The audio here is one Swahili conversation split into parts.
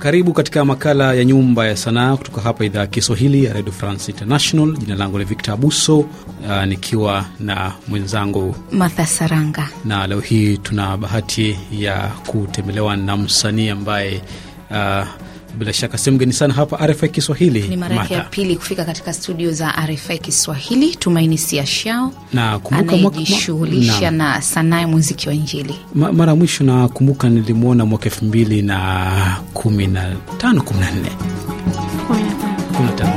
Karibu katika makala ya Nyumba ya Sanaa kutoka hapa idhaa ya Kiswahili ya redio France International. Jina langu ni Victor Abuso, uh, nikiwa na mwenzangu Martha Saranga, na leo hii tuna bahati ya kutembelewa na msanii ambaye uh, bila shaka sehemu geni sana hapa RFI Kiswahili. Ni mara yake ya pili kufika katika studio za RFI Kiswahili. Tumaini Siashao anayejishughulisha na, na sanaa ya muziki wa Injili. Ma, mara ya mwisho nakumbuka nilimwona mwaka elfu mbili na kumi na tano kumi na nne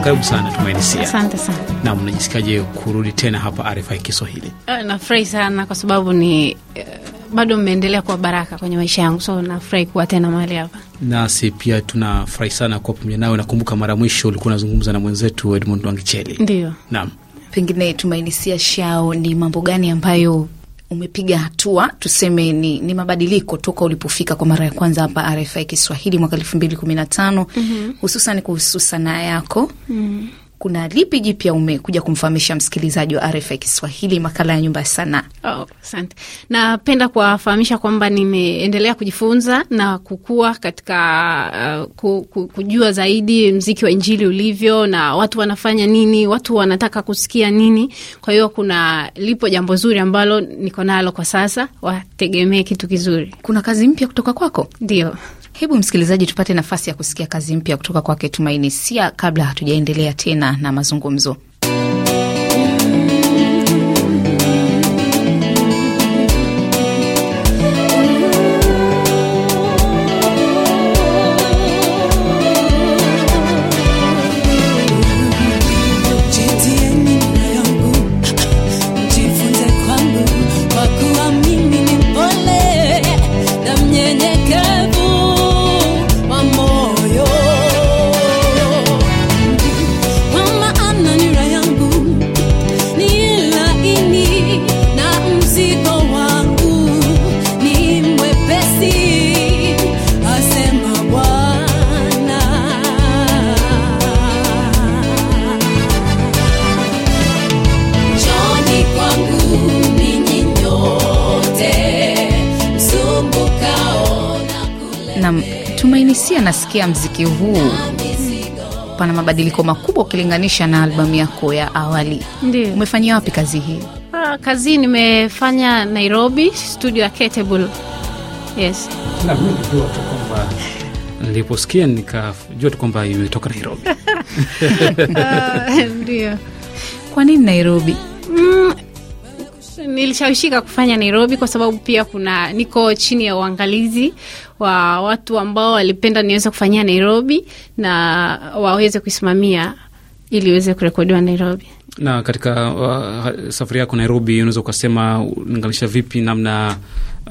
karibu sana Tumaini Asante sana. Naam, unajisikiaje kurudi tena hapa RFI Kiswahili? Eh, nafurahi sana kwa sababu ni eh, bado mmeendelea kuwa baraka kwenye maisha yangu, so nafurahi kuwa tena mahali hapa nasi pia tunafurahi sana kuwa pamoja nawe. Nakumbuka mara mwisho ulikuwa unazungumza na mwenzetu Edmund Wangicheli. Ndio, naam. Pengine tumainisia shao, ni mambo gani ambayo umepiga hatua tuseme ni, ni mabadiliko toka ulipofika kwa mara ya kwanza hapa RFI Kiswahili mwaka elfu mbili kumi na tano mhm. hususan kuhusu sanaa yako? mm -hmm kuna lipi jipya umekuja kumfahamisha msikilizaji wa RFI Kiswahili, makala ya nyumba ya sanaa? Oh, asante. Napenda kuwafahamisha kwamba nimeendelea kujifunza na kukua katika uh, ku, ku, kujua zaidi mziki wa Injili ulivyo na watu wanafanya nini, watu wanataka kusikia nini. Kwa hiyo kuna lipo jambo zuri ambalo niko nalo kwa sasa, wategemee kitu kizuri. Kuna kazi mpya kutoka kwako? Ndio. Hebu msikilizaji, tupate nafasi ya kusikia kazi mpya kutoka kwake Tumaini Sia kabla hatujaendelea tena na mazungumzo. wakati anasikia mziki huu pana mabadiliko makubwa ukilinganisha na albamu yako ya awali. Ndio. Umefanyia wapi kazi hii? Ah, kazi hii nimefanya Nairobi, studio ya Ketable. Yes. Na niliposikia nikajua tu kwamba imetoka Nairobi. Ndio. Kwa nini Nairobi? Mm, nilishawishika kufanya Nairobi kwa sababu pia kuna niko chini ya uangalizi kwa watu ambao walipenda niweze kufanyia Nairobi na waweze kuisimamia ili iweze kurekodiwa Nairobi. Na katika uh, safari yako Nairobi, unaweza ukasema unalinganisha vipi namna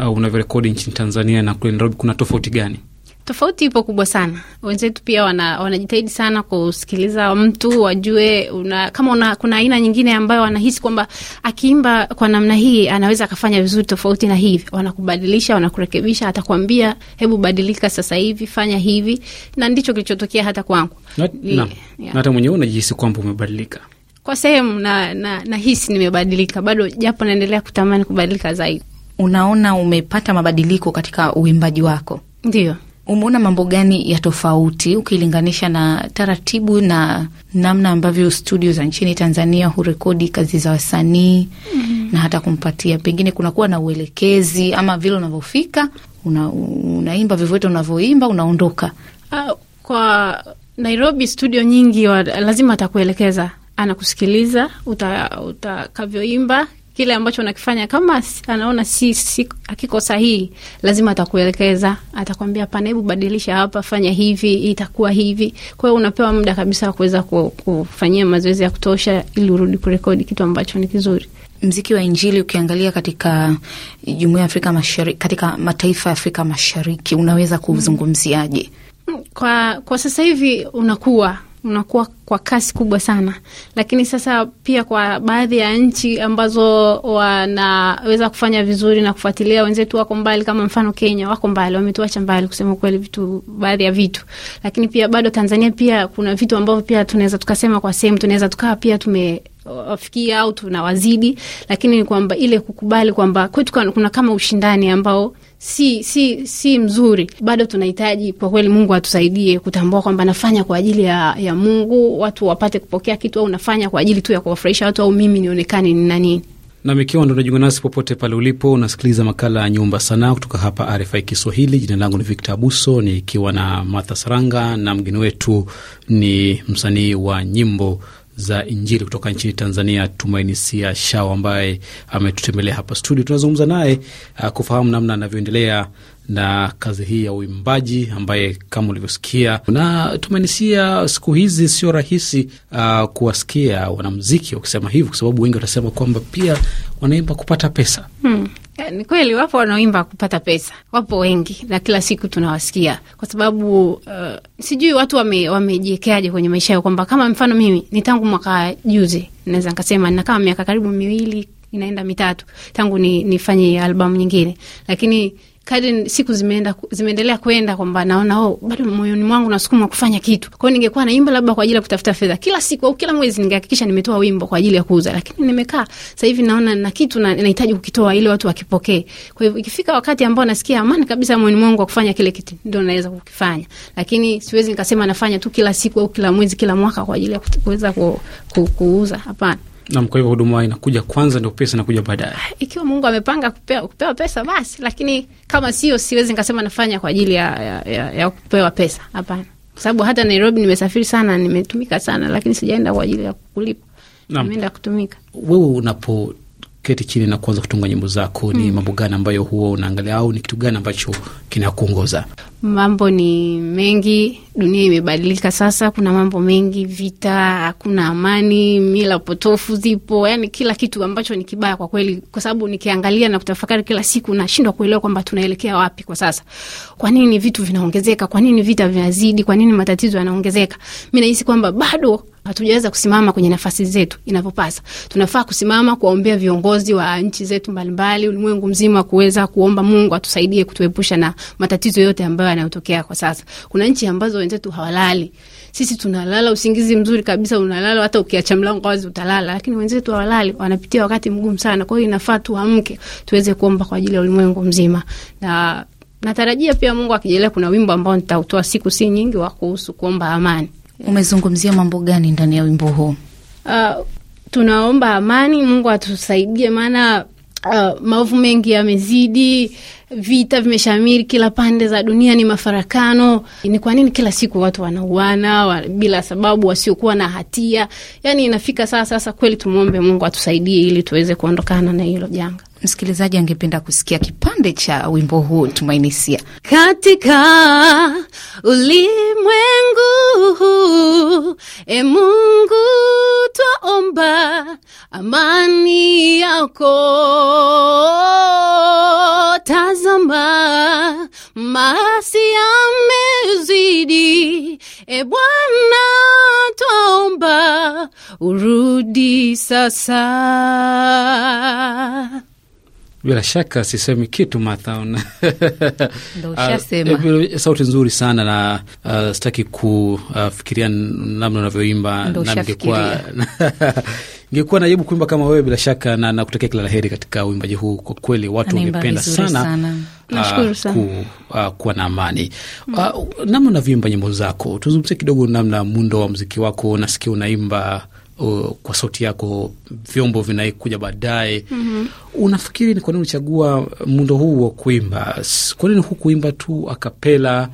uh, unavyorekodi nchini Tanzania na kule Nairobi, kuna tofauti gani? Tofauti ipo kubwa sana. Wenzetu pia wana, wanajitahidi sana kusikiliza mtu wajue una, kama una, kuna aina nyingine ambayo wanahisi kwamba akiimba kwa namna hii anaweza akafanya vizuri tofauti na hivi, wanakubadilisha, wanakurekebisha, atakwambia hebu badilika sasa hivi, fanya hivi, na ndicho kilichotokea hata kwangu na hata yeah, mwenyewe unajihisi kwamba umebadilika kwa sehemu na, na, na hisi nimebadilika bado, japo naendelea kutamani kubadilika zaidi. Unaona umepata mabadiliko katika uimbaji wako? Ndio umeona mambo gani ya tofauti ukilinganisha na taratibu na namna ambavyo studio za nchini Tanzania hurekodi kazi za wasanii mm -hmm. na hata kumpatia pengine kunakuwa na uelekezi ama vile unavyofika una, unaimba vyovyote unavyoimba unaondoka. Uh, kwa Nairobi studio nyingi wa, lazima atakuelekeza anakusikiliza utakavyoimba uta kile ambacho unakifanya kama anaona si, si akiko sahihi, lazima atakuelekeza, atakwambia hapana, hebu badilisha hapa, fanya hivi, itakuwa hivi. Kwa hiyo unapewa muda kabisa wa kuweza kufanyia mazoezi ya kutosha, ili urudi kurekodi kitu ambacho ni kizuri. Mziki wa Injili ukiangalia katika jumuiya ya Afrika Mashariki, katika mataifa ya Afrika Mashariki, unaweza kuzungumziaje mm, Kwa, kwa sasa hivi unakuwa unakuwa kwa kasi kubwa sana, lakini sasa pia kwa baadhi ya nchi ambazo wanaweza kufanya vizuri na kufuatilia, wenzetu wako mbali, kama mfano Kenya wako mbali, wametuacha mbali kusema kweli, vitu baadhi ya vitu, lakini pia bado Tanzania pia kuna vitu ambavyo pia tunaweza tukasema kwa sehemu tunaweza tukawa pia tume wafikii au tunawazidi, lakini ni kwamba ile kukubali kwamba kwetu kuna kama ushindani ambao si si si mzuri. Bado tunahitaji kwa kweli Mungu atusaidie kutambua kwamba nafanya kwa ajili ya, ya Mungu, watu wapate kupokea kitu, au nafanya kwa ajili tu ya kuwafurahisha watu, au mimi nionekane ni nani Nam, ikiwa ndo unajiunga nasi popote pale ulipo, unasikiliza makala ya Nyumba Sanaa kutoka hapa RFI Kiswahili. Jina langu ni Victor Abuso nikiwa na Martha Saranga na mgeni wetu ni msanii wa nyimbo za Injili kutoka nchini Tanzania, Tumaini Sia Shao, ambaye ametutembelea hapa studio. Tunazungumza naye uh, kufahamu namna anavyoendelea na kazi hii ya uimbaji ambaye kama ulivyosikia na Tumainisia, siku hizi sio rahisi uh, kuwasikia wanamziki wakisema hivyo, kwa sababu wengi watasema kwamba pia wanaimba kupata pesa hmm. Eh, ni kweli wapo wanaoimba kupata pesa, wapo wengi na kila siku tunawasikia, kwa sababu uh, sijui watu wamejiekeaje wame kwenye maisha yao, kwamba kama mfano mimi ni tangu mwaka juzi, naweza nikasema na kama miaka karibu miwili inaenda mitatu tangu ni, nifanye albamu nyingine, lakini kadri siku zimeenda zimeendelea kwenda kwamba naona oh, bado moyoni mwangu nasukuma kufanya kitu. Kwa hiyo ningekuwa naimba labda kwa ajili ya kutafuta fedha kila siku au kila mwezi, ningehakikisha nimetoa wimbo kwa ajili ya kuuza, lakini nimekaa sasa hivi naona na kitu na nahitaji kukitoa ili watu wakipokee. Kwa hivyo ikifika wakati ambao nasikia amani kabisa moyoni mwangu wa kufanya kile kitu, ndio naweza kukifanya, lakini siwezi nikasema nafanya tu kila siku au kila mwezi, kila mwaka kwa ajili ya kuweza kuuza. Hapana. Nam, kwa hivyo huduma inakuja kwanza, ndio pesa inakuja baadaye. Ikiwa Mungu amepanga kupewa, kupewa pesa basi, lakini kama sio, siwezi nikasema nafanya kwa ajili ya, ya, ya, ya kupewa pesa, hapana, kwa sababu hata Nairobi nimesafiri sana, nimetumika sana, lakini sijaenda kwa ajili ya kulipa, nimeenda kutumika. Wewe unapoketi keti chini na kuanza kutunga nyimbo zako, ni mm, mambo gani ambayo huwa unaangalia au ni kitu gani ambacho kinakuongoza? Mambo ni mengi, dunia imebadilika sasa. Kuna mambo mengi, vita, hakuna amani, mila potofu zipo, yani kila kitu ambacho ni kibaya kwa kweli, kwa sababu nikiangalia na kutafakari kila siku nashindwa kuelewa kwamba tunaelekea wapi kwa sasa. Kwa nini vitu vinaongezeka? Kwa nini vita vinazidi? Kwa nini matatizo yanaongezeka? Mi nahisi kwamba bado hatujaweza kusimama kwenye nafasi zetu inavyopasa. Tunafaa kusimama kuwaombea viongozi wa nchi zetu mbalimbali, ulimwengu mzima, kuweza kuomba Mungu atusaidie kutuepusha na matatizo yote ambayo ambayo yanayotokea kwa sasa. Kuna nchi ambazo wenzetu hawalali, sisi tunalala usingizi mzuri kabisa, unalala hata ukiacha mlango wazi utalala, lakini wenzetu hawalali, wanapitia wakati mgumu sana. Kwa hiyo inafaa tuamke, tuweze kuomba kwa ajili ya ulimwengu mzima na natarajia pia Mungu akijelea, kuna wimbo ambao nitautoa siku si nyingi wa kuhusu kuomba amani. Umezungumzia mambo gani ndani ya wimbo huu? Uh, tunaomba amani, Mungu atusaidie, maana Uh, maovu mengi yamezidi, vita vimeshamiri kila pande za dunia, ni mafarakano. Ni kwa nini kila siku watu wanauana wa, bila sababu wasiokuwa na hatia? Yani inafika saa sasa, kweli tumwombe Mungu atusaidie ili tuweze kuondokana na hilo janga msikilizaji angependa kusikia kipande cha wimbo huu tumainisia katika ulimwengu huu e Mungu, twaomba amani yako. Tazama maasi yamezidi, e Bwana, twaomba urudi sasa. Bila shaka sisemi kitu Martha, ah, eh, sauti nzuri sana na uh, sitaki kufikiria uh, namna unavyoimba na ningekuwa ningekuwa najibu kuimba kama wewe, bila shaka na nakutakia kila laheri katika uimbaji huu. Kwa kweli watu wangependa sana, sana. Uh, ku, uh, kuwa na amani mm. Uh, namna unavyoimba nyimbo zako, tuzungumzie kidogo namna mundo wa mziki wako. Nasikia unaimba uh, kwa sauti yako, vyombo vinaikuja baadaye. mm -hmm. Unafikiri ni kwa nini uchagua muundo huu wa kuimba? Kwa nini hukuimba tu akapela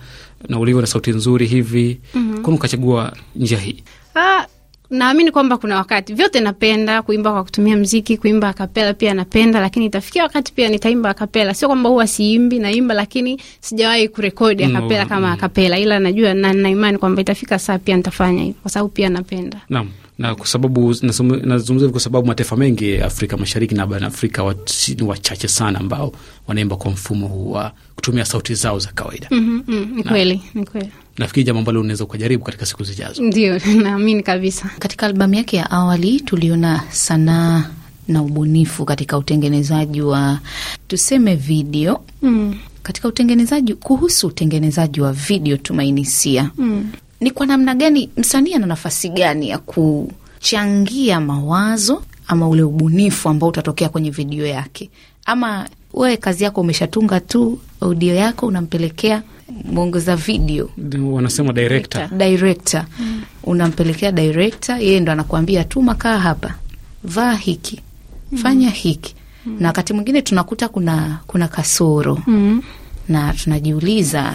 na ulivyo na sauti nzuri hivi? mm -hmm. Kwani ukachagua njia hii? ah. Naamini kwamba kuna wakati vyote napenda kuimba kwa kutumia mziki, kuimba akapela pia napenda, lakini itafikia wakati pia nitaimba akapela. Sio kwamba huwa siimbi, naimba, lakini sijawahi kurekodi akapela mm-hmm. no, kama akapela, ila najua na nina kwamba itafika saa pia nitafanya hivyo, kwa sababu pia napenda. Naam na kwa sababu nazungumza hivi kwa sababu mataifa mengi Afrika Mashariki na barani Afrika ni wachache sana ambao wanaimba kwa mfumo huu wa kutumia sauti zao za kawaida. mm -hmm, ni kweli, ni kweli. Nafikiri jambo ambalo unaweza ukajaribu katika siku zijazo. Ndio, naamini kabisa. Katika albamu yake ya awali tuliona sanaa na ubunifu katika utengenezaji wa tuseme video mm. Katika utengenezaji kuhusu utengenezaji wa video Tumainisia mm ni kwa namna gani msanii ana nafasi gani ya kuchangia mawazo ama ule ubunifu ambao utatokea kwenye video yake, ama wewe kazi yako umeshatunga tu audio yako unampelekea mwongoza video, wanasema director, director. Mm. Unampelekea director, yeye ndo anakuambia tu makaa hapa, vaa hiki, mm. fanya hiki mm. na wakati mwingine tunakuta kuna kuna kasoro mm. na tunajiuliza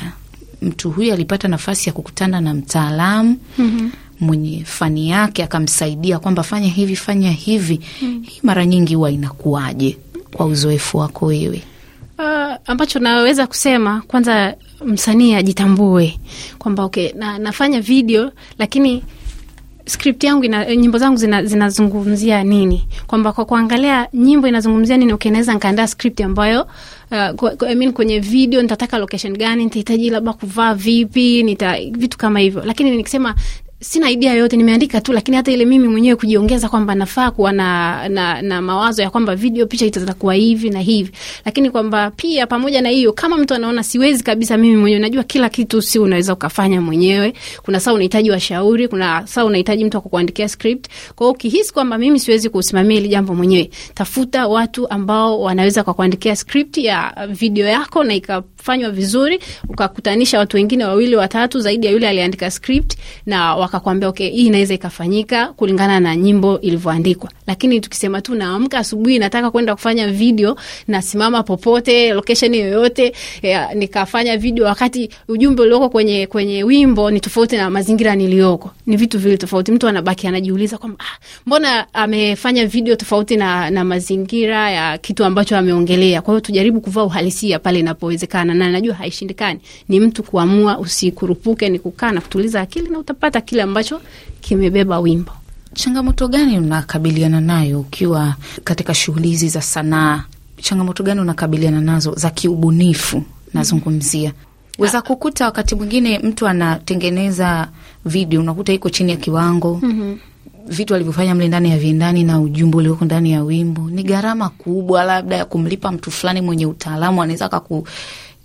mtu huyu alipata nafasi ya kukutana na mtaalamu mm -hmm. mwenye fani yake akamsaidia kwamba fanya hivi fanya hivi mm -hmm. hii mara nyingi huwa inakuwaje kwa uzoefu wako wewe? Uh, ambacho naweza kusema kwanza, msanii ajitambue kwamba okay, na, nafanya video lakini sript yangu ina, nyimbo zangu zinazungumzia zina nini, kwamba kwa kuangalia nyimbo inazungumzia nini, okay, nkaandaa sript ambayo uh, I mean, kwenye video nitataka location gani, nitahitaji labda kuvaa vipi, nita vitu kama hivyo. Lakini nikisema sina idea yoyote, nimeandika tu, lakini hata ile mimi mwenyewe kujiongeza kwamba nafaa kuwa na, na, na mawazo ya kwamba video picha itatakuwa hivi na hivi, lakini kwamba pia pamoja na hiyo, kama mtu anaona siwezi kabisa mimi mwenyewe, najua kila kitu si unaweza ukafanya mwenyewe. Kuna saa unahitaji washauri, kuna saa unahitaji mtu akukuandikia script. Kwa hiyo ukihisi kwamba mimi siwezi kusimamia hili jambo mwenyewe, tafuta watu ambao wanaweza kukuandikia script ya video yako na ika fanywa vizuri, ukakutanisha watu wengine wawili watatu zaidi ya yule aliandika script na waka wakakwambia okay, hii inaweza ikafanyika kulingana na nyimbo ilivyoandikwa. Lakini tukisema tu naamka asubuhi, nataka kwenda kufanya video, nasimama popote, location yoyote, ya, nikafanya video, wakati ujumbe ulioko kwenye, kwenye wimbo ni tofauti na mazingira niliyoko, ni vitu vile tofauti. Mtu anabaki anajiuliza kwamba ah, mbona amefanya video tofauti na, na mazingira ya kitu ambacho ameongelea. Kwa hiyo tujaribu kuvaa uhalisia pale inapowezekana, na najua haishindikani, ni mtu kuamua, usikurupuke, ni kukaa na kutuliza akili na utapata kila ambacho kimebeba wimbo. Changamoto gani unakabiliana nayo ukiwa katika shughuli hizi za sanaa? Changamoto gani unakabiliana nazo za kiubunifu? Nazungumzia weza ah. kukuta wakati mwingine mtu anatengeneza video, unakuta iko chini ya kiwango mm -hmm vitu alivyofanya mle ndani ya vindani na ujumbe ulioko ndani ya wimbo ni gharama kubwa, labda ya kumlipa mtu fulani mwenye utaalamu, anaweza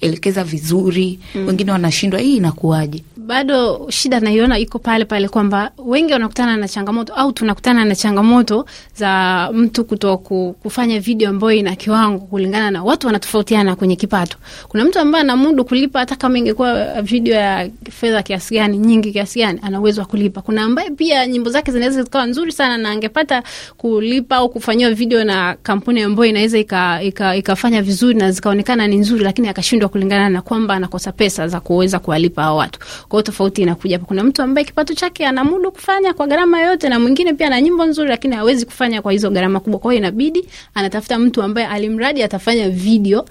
elekeza vizuri mm. Wengine wanashindwa, hii inakuwaje? Bado shida naiona iko pale pale, kwamba wengi wanakutana na changamoto au tunakutana na changamoto za mtu kuto kufanya video ambayo ina kiwango, kulingana na watu wanatofautiana kwenye kipato. Kuna mtu ambaye anamudu kulipa hata kama ingekuwa video ya fedha kiasi gani, nyingi kiasi gani, ana uwezo wa kulipa. Kuna ambaye pia nyimbo zake zinaweza zikawa nzuri sana na angepata kulipa au kufanyiwa video na kampuni ambayo inaweza ikafanya ika, ika vizuri na zikaonekana ni nzuri, lakini akashindwa kuchukuliwa kulingana na kwamba anakosa pesa za kuweza kuwalipa hao watu. Kwa hiyo tofauti inakuja hapa, kuna mtu ambaye kipato chake anamudu kufanya kwa gharama yoyote, na mwingine pia ana nyimbo nzuri, lakini hawezi kufanya kwa hizo gharama kubwa. Kwa hiyo inabidi anatafuta mtu ambaye alimradi atafanya video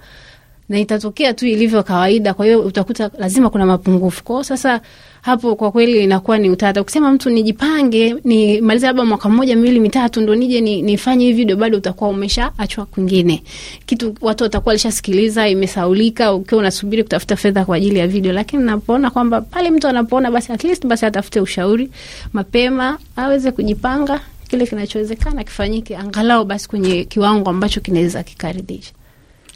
na itatokea tu ilivyo kawaida. Kwa hiyo utakuta lazima kuna mapungufu kwao sasa hapo kwa kweli inakuwa ni utata. Ukisema mtu nijipange, nimalize labda mwaka mmoja miwili mitatu ndo nije ni, nifanye hii video, bado utakuwa umesha achwa kwingine kitu, watu watakuwa alishasikiliza, imesaulika, ukiwa unasubiri kutafuta fedha kwa ajili ya video. Lakini napoona kwamba pale mtu anapoona, basi at least basi atafute ushauri mapema, aweze kujipanga, kile kinachowezekana kifanyike, angalau basi kwenye kiwango ambacho kinaweza kikaridhisha.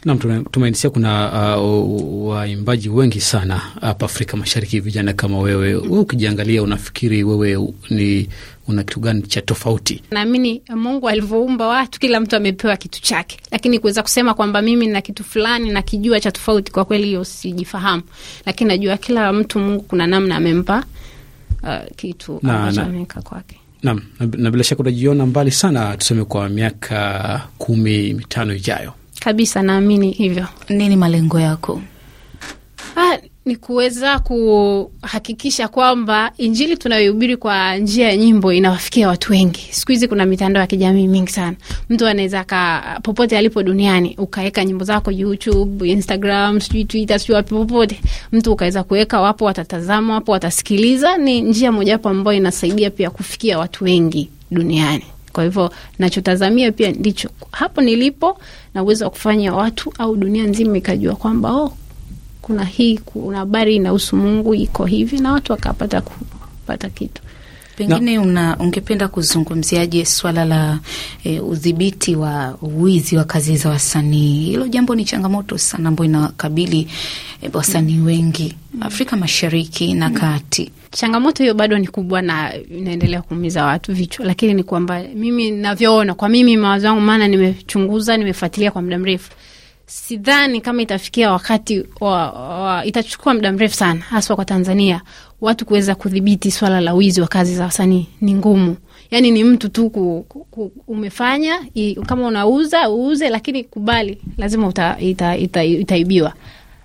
Nam, tumainisia kuna uh, waimbaji wengi sana hapa Afrika Mashariki, vijana kama wewe. Wewe ukijiangalia, unafikiri wewe ni una kitu gani cha tofauti? Naamini Mungu alivyoumba watu, kila mtu amepewa kitu chake, lakini kuweza kusema kwamba mimi na kitu fulani na kijua cha tofauti, kwa kweli hiyo sijifahamu, lakini najua kila mtu Mungu kuna namna amempa uh, kitu ambacho ameweka kwake. Nam, na bila shaka utajiona mbali sana, tuseme kwa miaka kumi mitano ijayo. Kabisa, naamini hivyo. Nini malengo yako? Ah, ni kuweza kuhakikisha kwamba injili tunayohubiri kwa njia ya nyimbo inawafikia watu wengi. Siku hizi kuna mitandao ya kijamii mingi sana, mtu anaweza ka popote alipo duniani ukaweka nyimbo zako YouTube, Instagram, sijui Twitter, sijui wapi, popote mtu ukaweza kuweka, wapo watatazama, wapo watasikiliza. Ni njia mojawapo ambayo inasaidia pia kufikia watu wengi duniani. Kwa hivyo nachotazamia pia ndicho hapo nilipo na uwezo wa kufanya watu au dunia nzima ikajua kwamba oh, kuna hii, kuna habari inahusu Mungu iko hivi, na watu wakapata kupata kitu. Pengine una, ungependa kuzungumziaje swala la e, udhibiti wa wizi wa kazi za wasanii? Hilo jambo ni changamoto sana ambayo inawakabili e, wasanii mm. wengi Afrika Mashariki na mm. Kati Changamoto hiyo bado ni kubwa na inaendelea kuumiza watu vichwa, lakini ni kwamba mimi navyoona, kwa mimi mawazo yangu, maana nimechunguza, nimefuatilia kwa muda mrefu sidhani kama itafikia wakati wa, wa, itachukua muda mrefu sana haswa kwa Tanzania watu kuweza kudhibiti swala la wizi wa kazi za wasanii ni ngumu. Yani ni mtu tu ku, ku, ku, umefanya i, kama unauza uuze, lakini kubali lazima uta, ita, ita, itaibiwa.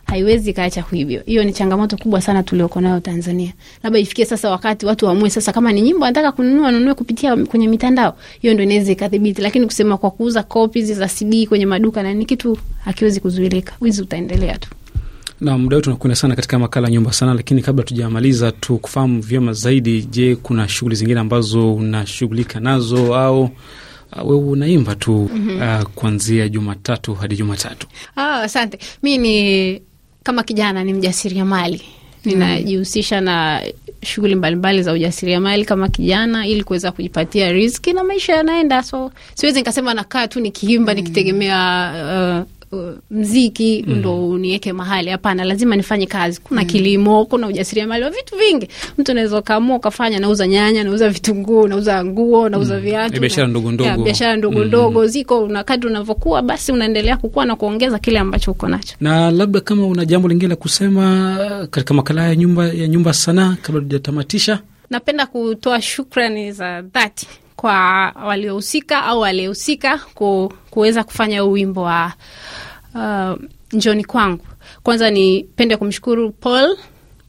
Haiwezi kaacha kuibiwa. Hiyo ni changamoto kubwa sana tulioko nayo Tanzania. Labda ifikie sasa wakati watu waamue sasa, kama ni nyimbo anataka kununua nunue kupitia kwenye mitandao, hiyo ndo inaweza ikadhibiti, lakini kusema kwa kuuza kopi za CD kwenye maduka na ni kitu hakiwezi kuzuilika. Wizi utaendelea tu. Na muda wetu tunakwenda sana katika makala nyumba sana, lakini kabla tujamaliza, tukufahamu vyema zaidi. Je, kuna shughuli zingine ambazo unashughulika nazo au uh, wewe unaimba tu? mm -hmm. Uh, mhm. kuanzia Jumatatu hadi Jumatatu. Ah, asante. Oh, mi ni kama kijana ni mjasiriamali ninajihusisha na shughuli mbalimbali za ujasiriamali kama kijana ili kuweza kujipatia riziki na maisha yanaenda, so siwezi nikasema nakaa tu nikiimba mm. nikitegemea uh, Uh, mziki mm. ndo uniweke mahali. Hapana, lazima nifanye kazi. Kuna mm. kilimo, kuna ujasiriamali wa vitu vingi. Mtu anaweza ukaamua ukafanya, nauza nyanya, nauza vitunguu, nauza nguo, nauza mm. viatu, biashara ndogo ndogo, biashara ndogo mhm. ndogo mm. ziko na kadri unavyokuwa basi unaendelea kukua na kuongeza kile ambacho uko nacho. Na labda kama una jambo lingine la kusema katika makala ya nyumba ya nyumba sanaa kabla tujatamatisha, napenda kutoa shukrani za dhati kwa waliohusika au waliohusika ku, kuweza kufanya huu wimbo wa uh, njoni kwangu. Kwanza nipende kumshukuru Paul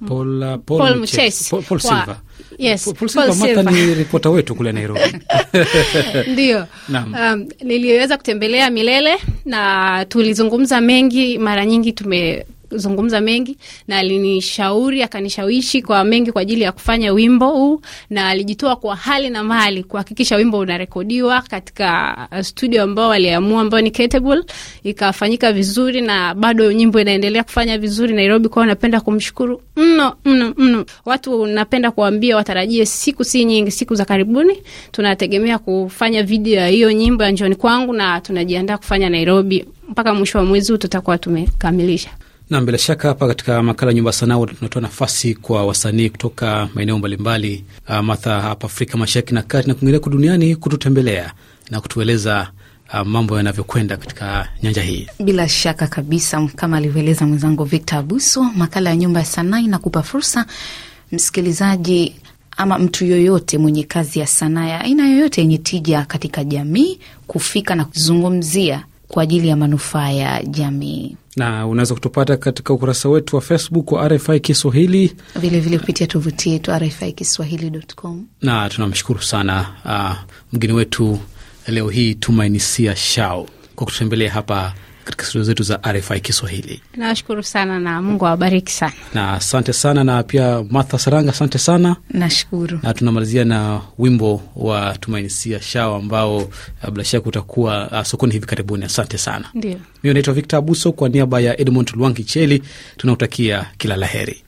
Paul, uh, Paul, Paul Mchesi Yes, Mata ni ripota wetu kule Nairobi. Um, niliweza kutembelea Milele na tulizungumza mengi. Mara nyingi tume zungumza mengi na alinishauri akanishawishi kwa mengi kwa ajili ya kufanya wimbo huu, na alijitoa kwa hali na mali kuhakikisha wimbo unarekodiwa katika uh, studio ambao waliamua, ambao ni Ketable, ikafanyika vizuri na bado nyimbo inaendelea kufanya vizuri Nairobi. Kwao napenda kumshukuru mno mno mno. Watu napenda kuambia watarajie siku si nyingi, siku za karibuni tunategemea kufanya video ya hiyo nyimbo ya njoni kwangu, na tunajiandaa kufanya Nairobi mpaka mwisho wa mwezi huu tutakuwa tumekamilisha. Nam, bila shaka hapa katika makala nyumba sanaa tunatoa nafasi kwa wasanii kutoka maeneo mbalimbali, uh, matha hapa Afrika Mashariki na Kati na kwingineko duniani kututembelea na kutueleza Uh, mambo yanavyokwenda katika nyanja hii. Bila shaka kabisa, kama alivyoeleza mwenzangu Victor Abuso, makala ya nyumba ya sanaa inakupa fursa msikilizaji, ama mtu yoyote mwenye kazi ya sanaa ya aina yoyote yenye tija katika jamii, kufika na kuzungumzia kwa ajili ya manufaa ya jamii na unaweza kutupata katika ukurasa wetu wa Facebook wa RFI Kiswahili, vilevile kupitia tovuti yetu RFI Kiswahili.com. Na tunamshukuru sana uh, mgeni wetu leo hii Tumainisia Shao kwa kututembelea hapa katika studio zetu za RFI Kiswahili. Nashukuru sana na Mungu awabariki sana, na asante sana na pia Martha Saranga, asante sana, nashukuru. Na tunamalizia na wimbo wa Tumaini Sia Shao ambao eh, bila shaka utakuwa uh, sokoni hivi karibuni. Asante sana, ndio. Mimi naitwa Victor Abuso, kwa niaba ya Edmond Lwangicheli tunautakia kila laheri.